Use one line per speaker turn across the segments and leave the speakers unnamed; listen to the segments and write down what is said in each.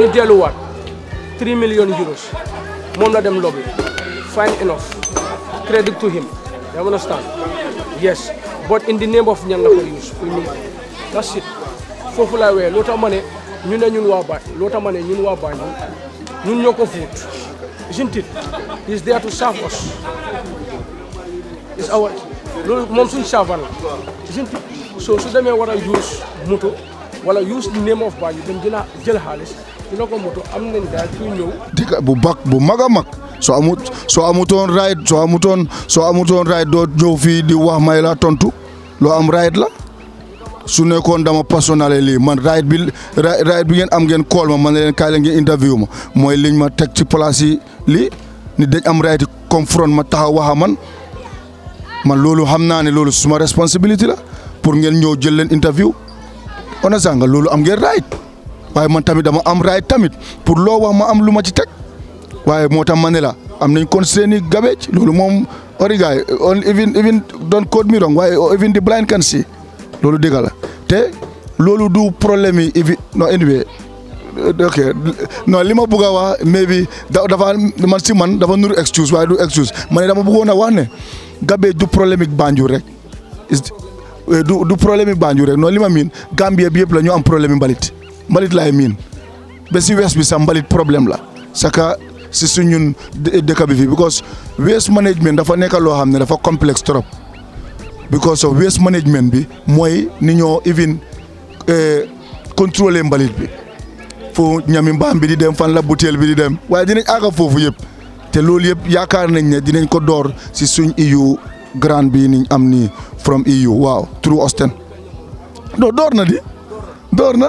ñu delluwaat 3 million euros moom la dem lobby fine enough credit to him you understand yes but in the name of ñan la ko use pour ñu that's it foofu laa wee loo tax ma ne ñu ne ñun waa Banjul loo a ma ne ñun waa ñoo ko fuut isn't it is there to serve us is our loolu moom suñ servant la isn't it so su demee war a use moto wala use the name of bank dem jëla jël xaliss dina ko moto am nañ
da ci ñew dika bu bak bu maga mak so amut so amuton ride so amuton, so amuton ride do ñew fi di wax may la tontu lo am ride la su nekkon dama personnel li man ride bi ride bi ngeen am ngeen call ma man leen kay la ngeen interview ma moy liñ ma tek ci place li ni dañ am ride confront ma taxaw waxa man man lolu xamna ni lolu suma responsibility la pour ngeen ñew jël leen interview. on a nga loolu am ngeen right waaye man tamit dama am right tamit pour loo wax ma am lu ma ci teg waaye moo tax ma ne la am nañ constraint ni garbage loolu moom ori gaay on even even don't quote waaye even the blind can see loolu dëgg te loolu du problème yi even non anyway ok non li ma bëgg a wax mais bi dafa man si man dafa nuru excuse waaye du excuse ma ne dama bëggoon a wax ne garbage du problème yi Banjul rek Euh, du du problème yi Banjul rek noonu li ma miin Gambie bi yëpp la ñu am problème yi mbalit la ay miin ba si wees bi sax mbalit problème la saka si suñun dëkk bi fii because waste management dafa nekk loo xam ne dafa complexe trop because of waste management bi mooy ni ñoo even euh, contrôler mbalit bi fu ñami mbaam bi di dem fan la butéel bi di dem waaye dinañ àgg foofu yëpp te loolu yëpp yaakaar nañ ne dinañ ko door si suñ iyu grande bi niñ am nii from EU wow through Austin do door na di door na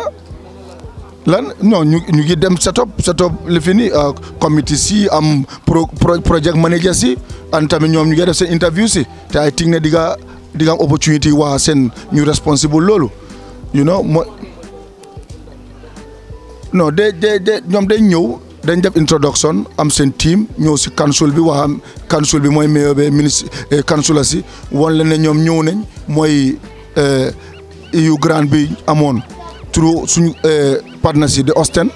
lan non ñu ñu ngi dem set up set up li euh, committee si am pro pro, project manager si and tamit ñoom ñu ngi def seen interview si te ay ting diga diga opportunity waa sen, ñu responsible lolo, you know no, they, de de de ñoom day ñëw dañ def introduction am seen team ñëw si council bi waxam council bi mooy mayor be ministre eh, councilor si wan la ñoom ñëw nañ mooy eh, yu grand bi amoon through suñu eh, partners yi de Austin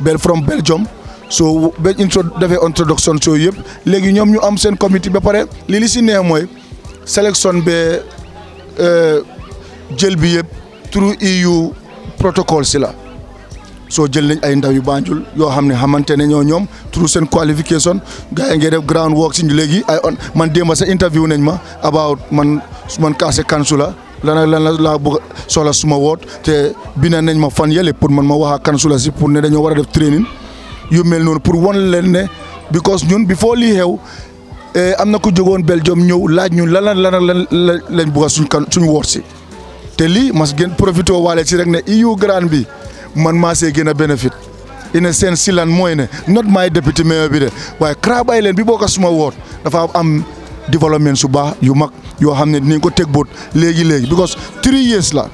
bel from Belgium so ba intro defee introduction soo yëpp léegi ñoom ñu am seen comité ba pare li li si neex mooy sélection be jël bi yëpp through EU protocole si la soo jël nañ ay ndaw yu Banjul yoo xam ne xamante ne ñoo ñoom through seen qualification gars yi ngay def ground si ñu léegi ay on man démba sa interview nañ ma about man man kaase kansu la lan la laa bëgg soxla suma woot te bina nañ ma fan yële pour man ma wax ak kansu si pour ne dañoo war a def training yu mel noonu pour wan leen ne because ñun before lii xew eh, am na ku jógoon Belgium ñëw laaj ñun lan lan lan lañ bëgg suñ kan suñ woot si te lii mas gën profité waale si rek ne EU grand bi. man maa see gën a benefit ina seen silan mooy ne not my deputy mayor bi de waaye Crab Island bi boo ko suma woot dafa am développement su baax yu mag yoo xam ne dinañ ko teg boot léegi léegi because three years la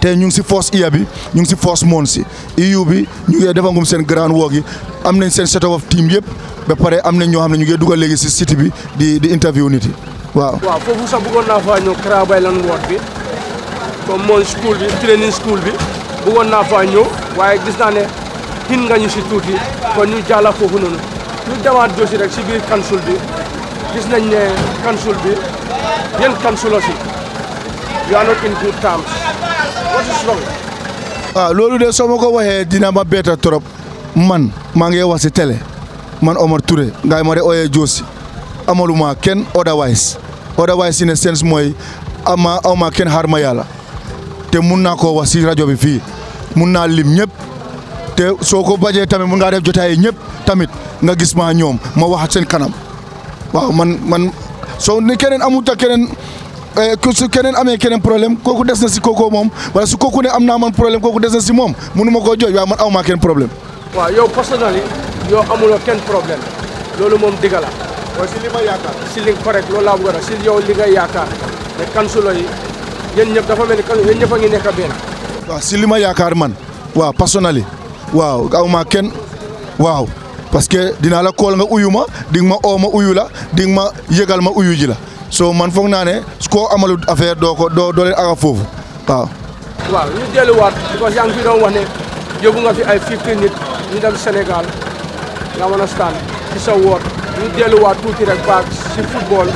te ñu ngi si foos IA bi ñu ngi si force moon si EU bi ñu ngi defangum seen grand work yi am nañ seen set of team yëpp ba pare am nañ ñoo xam ne ñu ngi dugal léegi si city bi di di interview nit yi waaw.
waaw foofu sax naa faa ñëw Crab Island bi comme moon school bëggoon naa faa waaye gis naa ne xin nga ñu si tuuti kon ñu jàlla foofu ñu demaat josi rek si biir kansul bi gis nañ ne kansul bi yéen kansulo si you are not in good terms what is wrong
ah, loolu de soo ma ko waxee dina ma beeta trop man maa ngi wax si man Omar Touré ngay ma de ooyee joosi amaluma kenn otherwise otherwise in a sense mooy ama aw ma kenn xaar ma yàlla te mën na ko wax ci radio bi fi mën na lim ñep te soko ko tamit mën nga def jotaay ñep tamit nga gis ma ñom ma wax seen kanam waaw man man so ni keneen amu ta keneen eh, su keneen amé keneen problème koku dess na ci kooku mom wala su koku ne amna man problème koku dess na ci mom munu ma koo wa man awma maa problème.
wa yow personnel yo amulo ken problème loolu mom digala wa ci lima li ci li correct loolu la wara a yow li nga yaakaar mais su loy yéen ñëpp dafa mel ni kan yéen ñëpp a ngi nekk
benn. waaw si li ma yaakaar man waaw personnalité waaw aw maa kenn waaw parce que dinaa la kool nga uyu ma di ma oo ma uyu la di ma yëgal ma uyu ji la so man foog naa ne koo amalu affaire doo ko doo doo leen aga foofu waaw.
waaw ñu delluwaat parce que yaa ngi fi doon wax ne yóbbu nga fi ay 50 nit ñu dem Sénégal nga mën a stand ci sa woot ñu delluwaat tuuti rek baax si football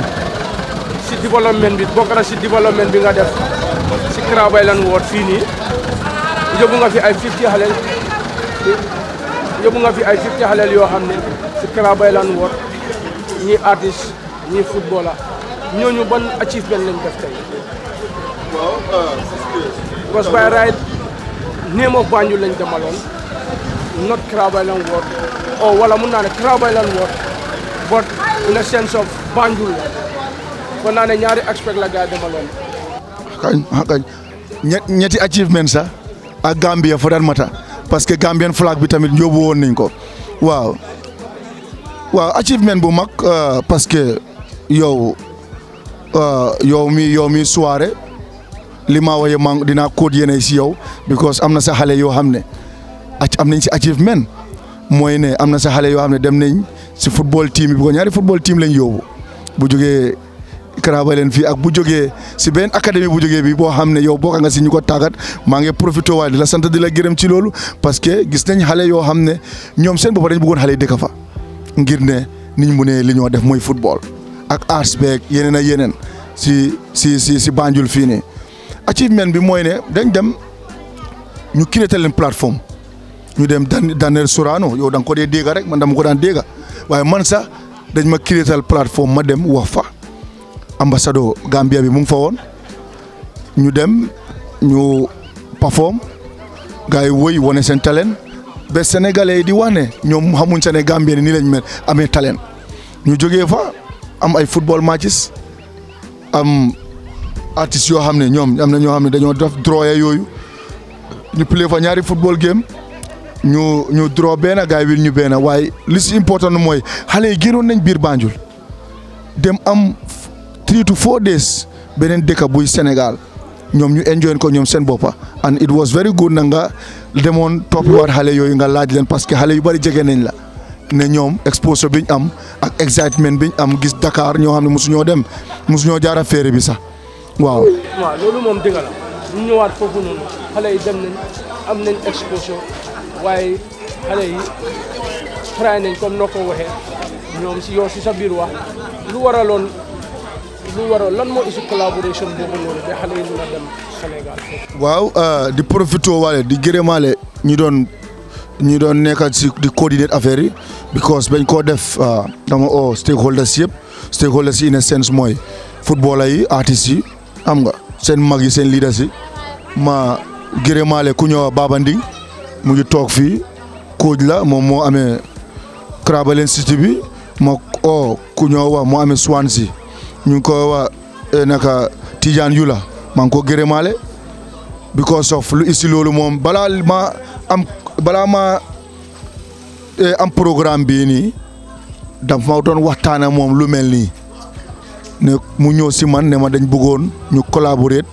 si development, bi bokk na si development bi nga def krabaylan Ward fii nii yóbbu nga fi ay fifty xaleel yóbbu nga fi ay fifty xaleel yoo xam ne si Crabeylan Ward ñii artiste ñii footballer ñooñu ban achievement lañ def tey.
waaw ah, because by
right name of lañ demaloon not Crabeylan Ward o oh, wala mun naa ne Crabeylan but in a sense of Banjul la kon naa ne ñaari aspect la gaa demaloon
kañ ñetti achievement sa, agambia Gambia fa mata parce que Gambian flag bi tamit ñobu won nañ ko waaw waaw achievement bu euh parce que yow euh, yow mi yo mi soirée lima ma waye mang dina code yene ci yow because amna sa xalé yo ci achievement moy ne amna yo sa xalé yo dem nañ si football team bi ko ñaari football team lañ yobu bu joggé Ikra bay leen fii ak bu jogee si benn académie bu jógee bi boo xam ne yow bokk nga si ñu ko tàggat maa ngi profité waaye di la sant di la gërëm ci loolu parce que gis nañ xale yoo xam ne ñoom seen bopp dañ bëggoon xale yi dëkk fa ngir ne niñ mu ne li ñoo def mooy football ak arts yeneen a yeneen si si si si Banjul fii nii achievement bi mooy ne dañ dem ñu créé leen plateforme ñu dem Daniel Sorano yow da nga ko dee dégg rek man dama ko daan dégg waaye man sax dañ ma créé plateforme ma dem wax fa. ambassado Gambia bi mu ngi fa woon ñu dem ñu perform gars yi woy wone seen talent ba sénégalais yi di wax ne ñoom xamuñ seen Gambien nii lañ mel amee talent ñu jógee fa am ay football matches am artistes yoo xam ne ñoom am na ñoo xam ne dañoo def droye yooyu ñu play fa ñaari football game ñu ñu draw benn gars yi wil ñu benn waaye li si important mooy xale yi génnoon nañ biir Banjul dem am three to four days beneen dëkk buy Sénégal ñoom ñu enjoy ko ñoom seen boppa and it was very good na nga demoon toppiwaat xale yooyu nga laaj leen parce que xale yu bari jege nañ la ne ñoom exposure biñ am ak excitement biñ am gis Dakar ñoo xam ne mosu ñoo dem mosu ñoo jaara féere bi sax waaw.
waaw loolu moom dëgg la ñu ñëwaat foofu noonu xale yi dem nañ am nañ exposure waaye xale yi fray nañ comme noo ko ñoom si yow sa biir wax lu waraloon. lu waroon
waaw euh, di profité waale di gërëmaale ñu doon ñi doon nekkat di coordinate affaire yi because bañ koo def euh, dama o stakeholders yëpp stakeholders yi in a mooy footballers yi artistes yi am nga seen mag yi seen leaders yi ma gërëmaale ku ñëw Baba mu ngi toog fii coach la moom moo amee Crabalen City bi ma o ku ñëw wa ame amee si ñu ko wa eh, naka tidiane yula man ko because of lu isi lolu mom bala ma am bala ma eh, am programme bi ni daf fa don waxtana mom lu melni ne mu si man ne ma dañ bëggoon ñu collaborer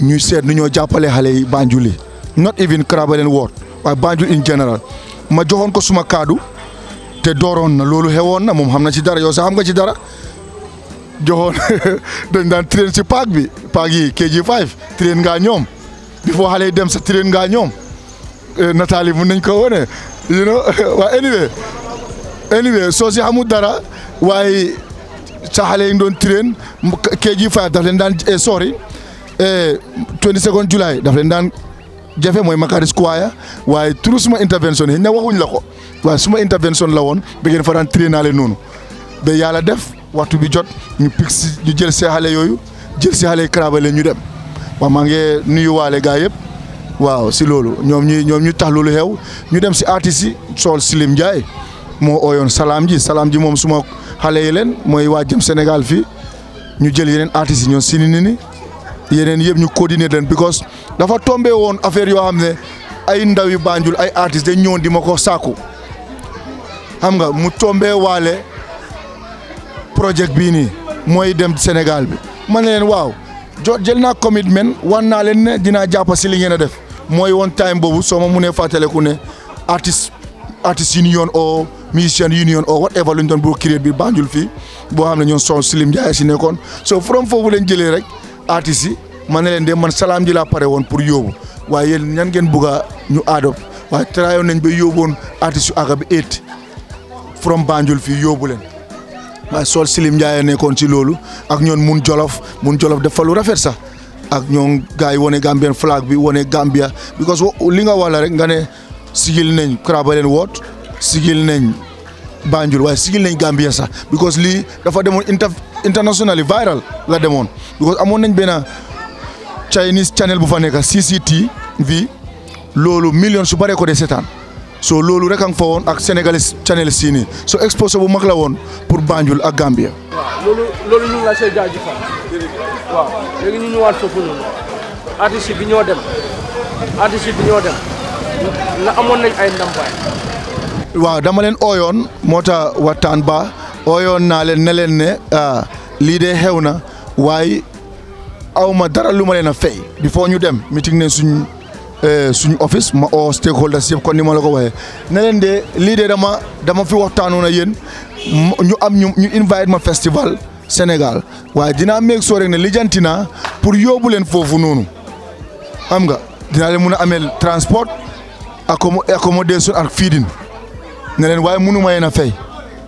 ñu sét ñu ñoo jàppale yi banjuli not even krabalen word wa Banjul in general ma joxon ko suma cadeau te doron na lolu hewon na mom xamna ci dara yo sa xam nga ci dara joxoon dañ daan train si paak bi paak yi KG5 train ngaa ñoom bi foo xale yi dem sa train ngaa ñoom eh, nataal yi mun nañ ko wone you know waaye anyway anyway soo si xamul dara waaye sa xale yi doon train KG5 daf leen daan eh, sori 22 eh, July daf leen daan jafe mooy Makari Square waaye toujours suma intervention yi ñu ne waxuñ la ko waaye suma intervention la woon ba ngeen fa daan train naale noonu ba yàlla def waxtu bi jot ñu pig si ñu jël si xale yooyu jël si xale yi karabale ñu dem waaw maa nuyu waale gaa yëpp waaw si loolu ñoom ñu ñoom ñu tax loolu xew ñu dem si artistes yi Sol lim Ndiaye moo ooyoon salaam ji salaam ji moom suma xale yi leen mooy waa jëm Sénégal fii ñu jël yeneen artistes ñoom si ni ni yeneen yëpp ñu coordonné leen because dafa tombé woon affaire yoo xam ne ay ndaw yu Banjul ay artistes dañ ñëwoon di ma ko sàkku xam nga mu tombé waale projet bii nii mooy dem Sénégal bi ma ne leen waaw jo jël naa commitment wan naa leen ne dinaa jàpp si li ngeen a def mooy woon time boobu soo ma munee fàttaleku ne artiste artiste union o musician union o whatever lu ñu doon boo créer bi Banjul fii boo xam ne ñoom son Slim Ndiaye si nekkoon soo from foofu leen jëlee rek artistes yi ma ne leen de man salaam ji laa pare woon pour yoobu waaye yéen ñan ngeen bëgg a ñu adopt waaye trayoon nañ ba yóbboon artistes yu aga bi eight from fii yóbbu leen ma sol Silim Ndiaye nekkoon ci loolu ak ñoon mun jolof mun jolof dafa lu rafet sax ak ñoom gars yi wane Gambian flag bi wane Gambia because li nga wax rek nga ne sigil nañ Crabaleen woot sigil nañ Banjul waaye sigil nañ Gambia sax because lii dafa demoon inter internationally viral la demoon because amoon nañ benn Chinese channel bu fa nekk CCTV loolu million su bare ko de seetaan so loolu rek a fa woon ak Sénégalais Channel sii nii so exposé bu mag la woon pour Banjul ak Gambia. waaw
loolu loolu jaaj ngi la see waaw léegi ñu ñëwaat foofu noonu artiste bi ñoo dem ñoo dem na amoon nañ ay ndàmpaay.
waaw dama leen ooyoon moo tax waxtaan ba ooyoon naa leen ne leen ne ah, lii de xew na waaye awma dara lu ma leen a fay. before ñu dem meeting ne suñ. Euh, suñu office ma oo stakeholders yëpp kon ni ma la ko waxee ne de lii de dama dama fi waxtaanoon a yéen ñu am ñu ñu invite ma festival Sénégal waaye dina meeg soo rek ne lijjanti naa pour yóbbu leen foofu noonu am nga dinaa leen mun a ameel transport accommodation ak feeding ne leen waaye munu ma yéen a fay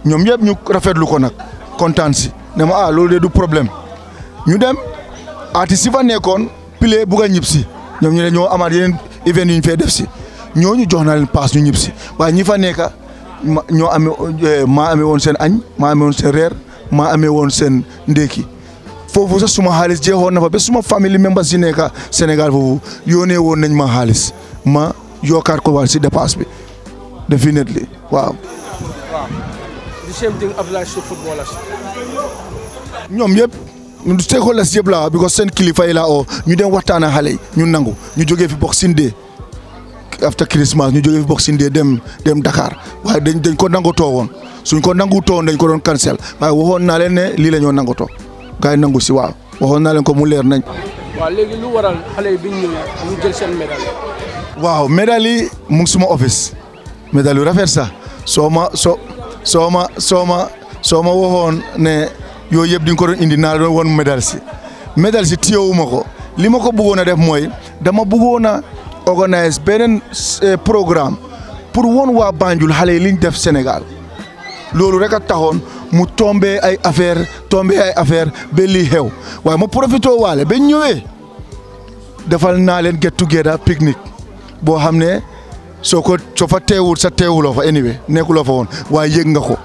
ñoom yëpp ñu rafetlu ko nag kontaan si ne ma ah loolu de du problème ñu dem artiste si fa nekkoon pile bugg ñibbisi ñoom ñu ne ñoo amaat yeneen event yu ñu fee def si ñoo ñu jox naa leen paas ñu ñib si waaye ñi fa nekka ñoo amee eh, maa amee woon seen añ maa amee woon seen reer maa amee woon seen ndéki foofu sax suma xaalis jeexoon na fa ba suma famille membres si nekka Sénégal foofu yónnee woon nañ ma xaalis ma yokkaat ko waat si dépense bi definitely waaw.
waaw the same
ñoom yëpp. stakeholders yëpp laa because seen kilifa yi laa ñu dem waxtaan ak xale yi ñu nangu ñu jógee fi Boxing Day after Christmas ñu jógee fi Boxing Day dem dem Dakar waaye dañ dañ ko nangu too woon suñ ko nangu too woon dañ ko doon cancel waaye waxoon naa leen lii lañoo ñoo nangu too gars yi nangu si waaw waxoon naa leen ko mu leer nañ.
waaw léegi lu waral xale yi biñ ñëw ñu jël seen médaille.
waaw médaille yi suma office médaille rafet sax soo ma soo soo ma soo ma soo ma ne. yooyu yëpp di nga ko doon indi naa doon woon médaille si médaille si téyewuma ko li ma ko bëggoon a def mooy dama bëggoon a organise beneen eh, programme pour woon waa Banjul xale yi liñ def Sénégal loolu rek a taxoon mu tombé ay affaire tombé ay affaire ba lii xew waaye ma profité waale ba ñëwee defal naa leen get together pique boo xam ne soo ko soo fa teewul sa teewuloo fa anyway nekkuloo fa woon waaye yëg nga ko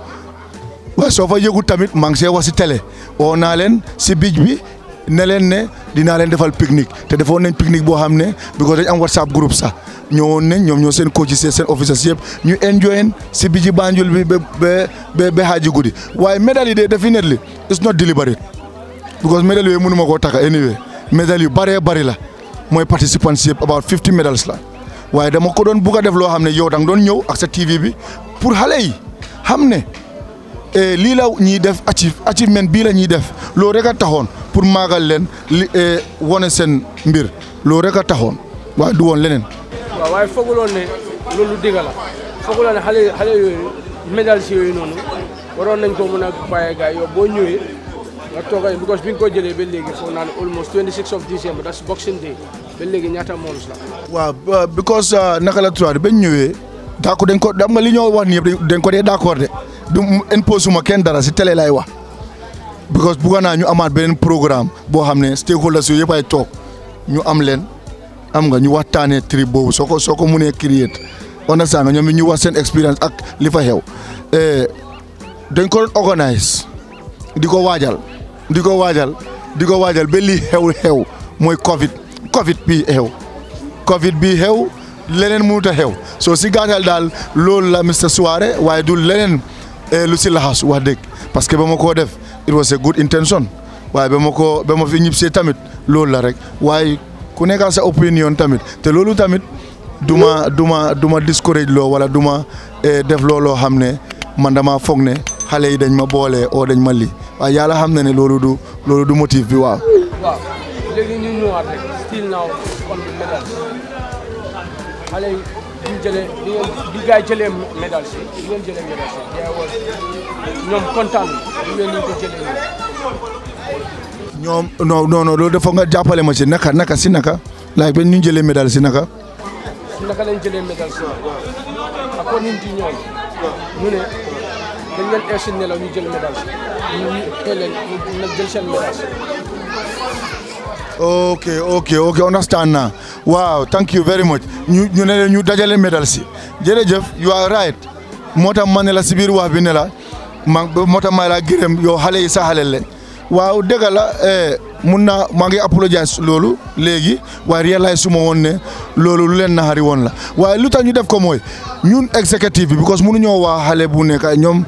waaye soo fa yëgul tamit maa ngi see wax si télé oo naa leen si bij bi ne leen ne dinaa leen defal pique te defoon nañ pique boo xam ne because dañ am whatsapp groupe sax ñëwoon nañ ñoom ñoo seen coach seen officers yëpp ñu enjoyen si bi ji Banjul bi ba ba ba xaaji guddi waaye médaille yi de definitely it's not deliberate because médaille yooyu mënuma koo taka anyway médaille yu bëree bëri la mooy participants yëpp about fifty medals la waaye dama ko doon bugg a def loo xam ne yow dang doon ñëw ak bi pour xale yi xam ne. Eh, lii la ñuy def achieve achievement bii la ñuy def loolu rek a taxoon pour maagal leen li eh, wane seen mbir loolu rek a taxoon waaye du woon leneen.
waaw waaye fooguloon ne loolu dëgg la fooguloon ne xale xale yooyu médaille si yooyu noonu waroon nañ ko mën a bàyyee gars yow boo ñëwee nga tooga because bi nga ko jëlee ba léegi foog naa ne almost 26 of December that's boxing day ba léegi ñaata mois la.
waaw because ah, naka la tuwaat ba ñu ñëwee. d'accord dañ ko dam nga li dañ ko dee d'accord de. du impose ma kenn dara si télé lay wax because buggoon naa ñu amaat beneen programme boo xam ne stakeholders yooyu yëpp ay toog ñu am leen am nga ñu waxtaanee trip boobu soo ko soo ko munee mënee create understand nga ñoom ñu wax seen expérience ak li fa xew eh, dañ ko doon organise di ko waajal di ko waajal di ko waajal ba lii xew xew mooy Covid Covid bi xew Covid bi xew leneen mënut a xew soo si gàttal daal loolu la Mister Suwareh waaye du leneen. Eh, lu si laxas wax dëgg parce que ba ma koo def it was a good intention waaye ba ma koo ba ma fi ñibbisee tamit loolu la rek waaye ku nekkaa sa opinion tamit te loolu tamit du ma du ma du ma discourage loo wala du ma eh, def looloo xam ne man dama foog ne xale yi dañ ma boole oo dañ ma li waaye yàlla xam na ne loolu du loolu du motif bi waaw.
bi ñu jëlee bi ngeen bi gars yi si bi ngeen si yaa war ñoom kontaan bi
ngeen jàppale ma si naka naka si naka laaj ba ñu jëlee médaille si naka.
si naka lañ jëlee médaille si waaw ak kon ñoom ñu ne dañ leen nelaw ñu jël médaille si ñu ñu jël seen médaille
ok ok ok understand now waaw thank you very much ñu ñu ne ñu dajale medal si jërëjëf you are right moo tax ma ne la si biir wax bi nela ma moo tax ma la gërëm yow xale yi sa xale leen waaw dëgg la eh, mun na maa ngi apologize loolu léegi waaye réalize suma woon ne loolu lu leen naxari woon la waaye lu tax ñu def ko mooy ñun exécutif bi because ñoo waa xale bu nekk ñoom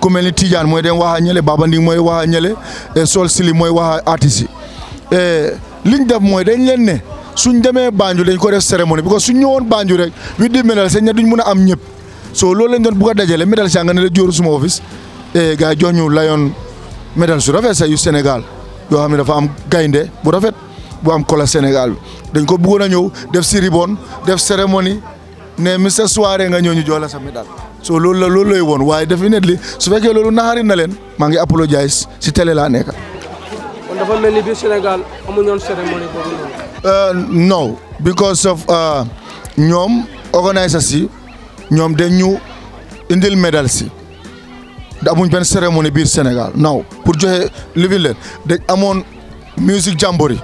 ku mel ni Tidiane mooy dem waxa ñële Babanding mooy waa ñële eh, Sol Sili mooy waxa artiste yi Eh, liñ def mooy dañ leen ne suñ demee Banjul dañ ko def cérémonie parce que suñ ñëwoon Banjul rek huit di médaille seen ña duñ mun a am ñëpp soo loolu lañ doon bugg a dajale médaille saa nga ne la jóoru suma office eh, gars yi jox ñu layoon médaille su rafet sa yu Sénégal yoo xam ne dafa am gaynde bu rafet bu am kola Sénégal dañ ko buggoon a ñëw def si ribbon def cérémonie ne monsieur soirée nga ñëw ñu jox la sa médaille soo loolu la loolu lay woon waaye defi net li su fekkee loolu naxari na leen maa ngi apologize si télé laa nekk
kon dafa mel ni biir Sénégal amuñoon cérémonie boobu noonu.
Euh, non because of euh, ñoom organisateurs yi ñoom dañ ñu indil médaille si da amuñ benn cérémonie biir senegal non pour joxe li fi leen dañ amoon musique jamboree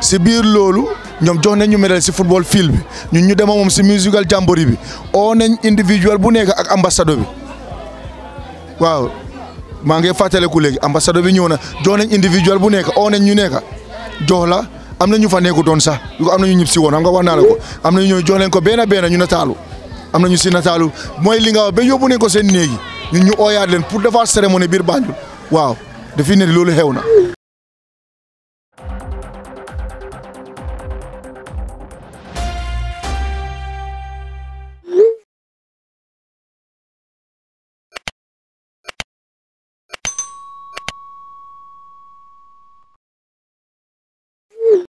si biir loolu. ñoom jox nañ ñu médaille si football field bi ñu ñu dema moom si musical jamboree bi oo nañ individuel bu nekk ak ambasado bi waaw maa ngi fàttaliku léegi ambassadeur bi ñëw na jox nañ individuel bu nekk oo nañ ñu nekk jox la am na ñu fa nekkutoon sax yu am na ñu ñib si woon xam nga wax naa la ko am na ñu jox leen ko benn benn ñu nataalu am na ñu si nataalu mooy li nga wax ba yóbbu nañ ko seen néegi ñun ñu ooyaat leen pour defar cérémonie biir Banjul waaw dafi ne loolu xew na